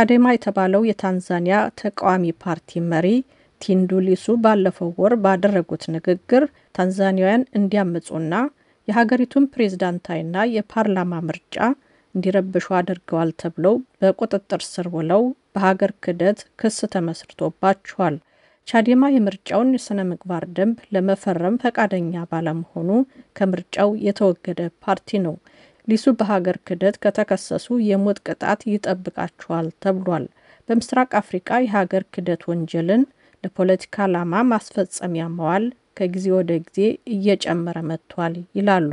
ቻዴማ የተባለው የታንዛኒያ ተቃዋሚ ፓርቲ መሪ ቲንዱሊሱ ባለፈው ወር ባደረጉት ንግግር ታንዛኒያውያን እንዲያምፁና የሀገሪቱን ፕሬዝዳንታዊና የፓርላማ ምርጫ እንዲረብሹ አድርገዋል ተብለው በቁጥጥር ስር ውለው በሀገር ክደት ክስ ተመስርቶባቸዋል። ቻዴማ የምርጫውን የሥነ ምግባር ደንብ ለመፈረም ፈቃደኛ ባለመሆኑ ከምርጫው የተወገደ ፓርቲ ነው። ሊሱ በሀገር ክህደት ከተከሰሱ የሞት ቅጣት ይጠብቃቸዋል ተብሏል። በምስራቅ አፍሪቃ የሀገር ክህደት ወንጀልን ለፖለቲካ ዓላማ ማስፈጸሚያ መዋል ከጊዜ ወደ ጊዜ እየጨመረ መጥቷል ይላሉ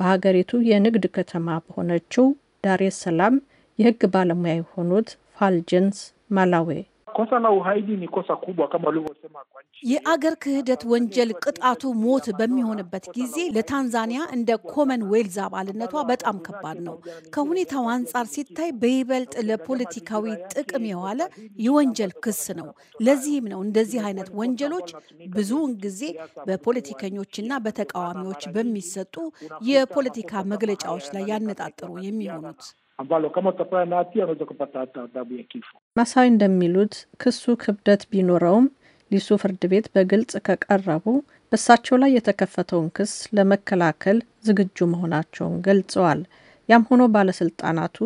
በሀገሪቱ የንግድ ከተማ በሆነችው ዳሬ ሰላም የህግ ባለሙያ የሆኑት ፋልጀንስ ማላዌ kosa la uhaini ni kosa kubwa kama ulivyosema kwa nchi. የአገር ክህደት ወንጀል ቅጣቱ ሞት በሚሆንበት ጊዜ ለታንዛኒያ እንደ ኮመን ዌልዝ አባልነቷ በጣም ከባድ ነው። ከሁኔታው አንጻር ሲታይ በይበልጥ ለፖለቲካዊ ጥቅም የዋለ የወንጀል ክስ ነው። ለዚህም ነው እንደዚህ አይነት ወንጀሎች ብዙውን ጊዜ በፖለቲከኞችና በተቃዋሚዎች በሚሰጡ የፖለቲካ መግለጫዎች ላይ ያነጣጠሩ የሚሆኑት። ambalo kama utapata na hatia unaweza kupata hata adhabu ya kifo. መሳይ እንደሚሉት ክሱ ክብደት ቢኖረውም ሊሱ ፍርድ ቤት በግልጽ ከቀረቡ በእሳቸው ላይ የተከፈተውን ክስ ለመከላከል ዝግጁ መሆናቸውን ገልጸዋል። ያም ሆኖ ባለስልጣናቱ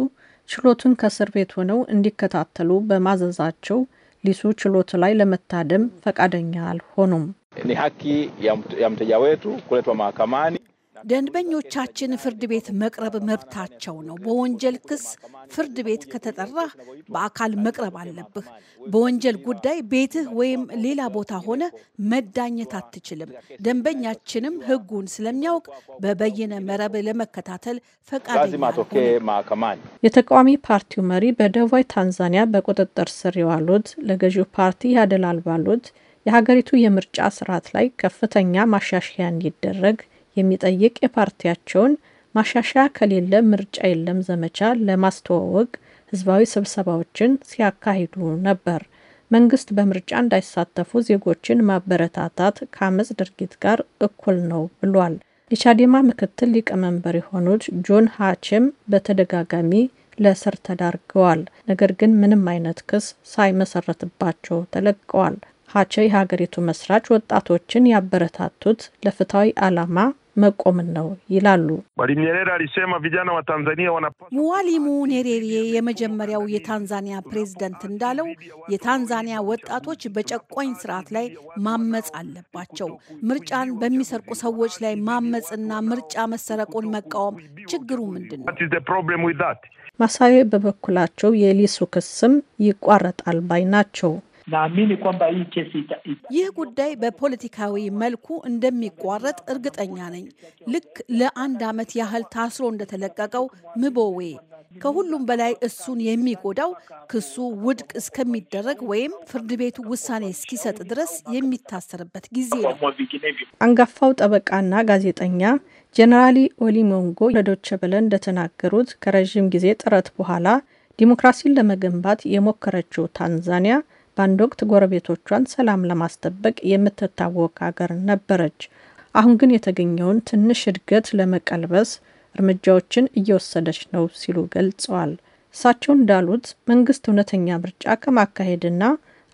ችሎቱን ከእስር ቤት ሆነው እንዲከታተሉ በማዘዛቸው ሊሱ ችሎቱ ላይ ለመታደም ፈቃደኛ አልሆኑም። ni haki ya mteja wetu kuletwa ደንበኞቻችን ፍርድ ቤት መቅረብ መብታቸው ነው። በወንጀል ክስ ፍርድ ቤት ከተጠራህ በአካል መቅረብ አለብህ። በወንጀል ጉዳይ ቤትህ ወይም ሌላ ቦታ ሆነ መዳኘት አትችልም። ደንበኛችንም ሕጉን ስለሚያውቅ በበይነ መረብ ለመከታተል ፈቃደኛ የተቃዋሚ ፓርቲው መሪ በደቡባዊ ታንዛኒያ በቁጥጥር ስር የዋሉት ለገዢው ፓርቲ ያደላል ባሉት የሀገሪቱ የምርጫ ስርዓት ላይ ከፍተኛ ማሻሻያ እንዲደረግ የሚጠይቅ የፓርቲያቸውን ማሻሻያ ከሌለ ምርጫ የለም ዘመቻ ለማስተዋወቅ ህዝባዊ ስብሰባዎችን ሲያካሂዱ ነበር። መንግስት በምርጫ እንዳይሳተፉ ዜጎችን ማበረታታት ከአመፅ ድርጊት ጋር እኩል ነው ብሏል። የቻዴማ ምክትል ሊቀመንበር የሆኑት ጆን ሃችም በተደጋጋሚ ለእስር ተዳርገዋል። ነገር ግን ምንም አይነት ክስ ሳይመሰረትባቸው ተለቀዋል። ሀቸ የሀገሪቱ መስራች ወጣቶችን ያበረታቱት ለፍትሐዊ ዓላማ መቆምን ነው ይላሉ። ሙዋሊሙ ኔሬሬ የመጀመሪያው የታንዛኒያ ፕሬዝደንት እንዳለው የታንዛኒያ ወጣቶች በጨቋኝ ስርዓት ላይ ማመፅ አለባቸው። ምርጫን በሚሰርቁ ሰዎች ላይ ማመፅና ምርጫ መሰረቁን መቃወም ችግሩ ምንድን ነው? ማሳዊ በበኩላቸው የሊሱ ክስም ይቋረጣል ባይ ናቸው። naamini kwamba hii kesi ita, ita. ይህ ጉዳይ በፖለቲካዊ መልኩ እንደሚቋረጥ እርግጠኛ ነኝ። ልክ ለአንድ ዓመት ያህል ታስሮ እንደተለቀቀው ምቦዌ ከሁሉም በላይ እሱን የሚጎዳው ክሱ ውድቅ እስከሚደረግ ወይም ፍርድ ቤቱ ውሳኔ እስኪሰጥ ድረስ የሚታሰርበት ጊዜ ነው። አንጋፋው ጠበቃና ጋዜጠኛ ጄኔራሊ ኦሊሞንጎ ለዶቸ በለ እንደተናገሩት ከረዥም ጊዜ ጥረት በኋላ ዲሞክራሲን ለመገንባት የሞከረችው ታንዛኒያ በአንድ ወቅት ጎረቤቶቿን ሰላም ለማስጠበቅ የምትታወቅ ሀገር ነበረች። አሁን ግን የተገኘውን ትንሽ እድገት ለመቀልበስ እርምጃዎችን እየወሰደች ነው ሲሉ ገልጸዋል። እሳቸው እንዳሉት መንግስት እውነተኛ ምርጫ ከማካሄድና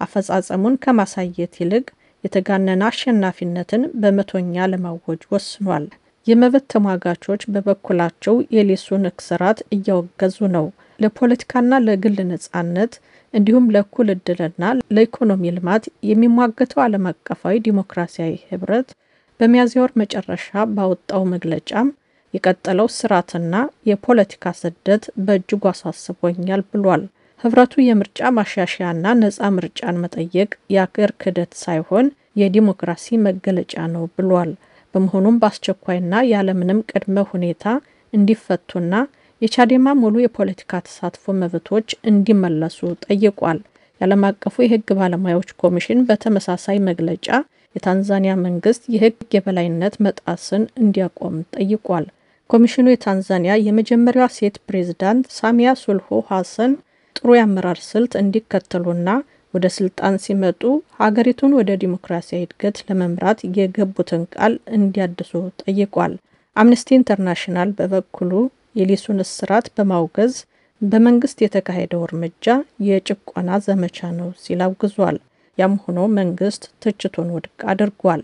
አፈጻጸሙን ከማሳየት ይልቅ የተጋነነ አሸናፊነትን በመቶኛ ለማወጅ ወስኗል። የመብት ተሟጋቾች በበኩላቸው የሌሱን እስራት እያወገዙ ነው። ለፖለቲካና ለግል ነጻነት እንዲሁም ለእኩል እድልና ለኢኮኖሚ ልማት የሚሟገተው ዓለም አቀፋዊ ዲሞክራሲያዊ ህብረት በሚያዝያ ወር መጨረሻ ባወጣው መግለጫም የቀጠለው ስርዓትና የፖለቲካ ስደት በእጅጉ አሳስቦኛል ብሏል። ህብረቱ የምርጫ ማሻሻያና ነጻ ምርጫን መጠየቅ የአገር ክህደት ሳይሆን የዲሞክራሲ መገለጫ ነው ብሏል። በመሆኑም በአስቸኳይና ያለምንም ቅድመ ሁኔታ እንዲፈቱና የቻዴማ ሙሉ የፖለቲካ ተሳትፎ መብቶች እንዲመለሱ ጠይቋል። የዓለም አቀፉ የሕግ ባለሙያዎች ኮሚሽን በተመሳሳይ መግለጫ የታንዛኒያ መንግስት የሕግ የበላይነት መጣስን እንዲያቆም ጠይቋል። ኮሚሽኑ የታንዛኒያ የመጀመሪያ ሴት ፕሬዝዳንት ሳሚያ ሱልሆ ሐሰን ጥሩ የአመራር ስልት እንዲከተሉና ወደ ስልጣን ሲመጡ ሀገሪቱን ወደ ዲሞክራሲያዊ እድገት ለመምራት የገቡትን ቃል እንዲያድሱ ጠይቋል። አምነስቲ ኢንተርናሽናል በበኩሉ የሊሱን እስራት በማውገዝ በመንግስት የተካሄደው እርምጃ የጭቆና ዘመቻ ነው ሲል አውግዟል። ያም ሆኖ መንግስት ትችቱን ውድቅ አድርጓል።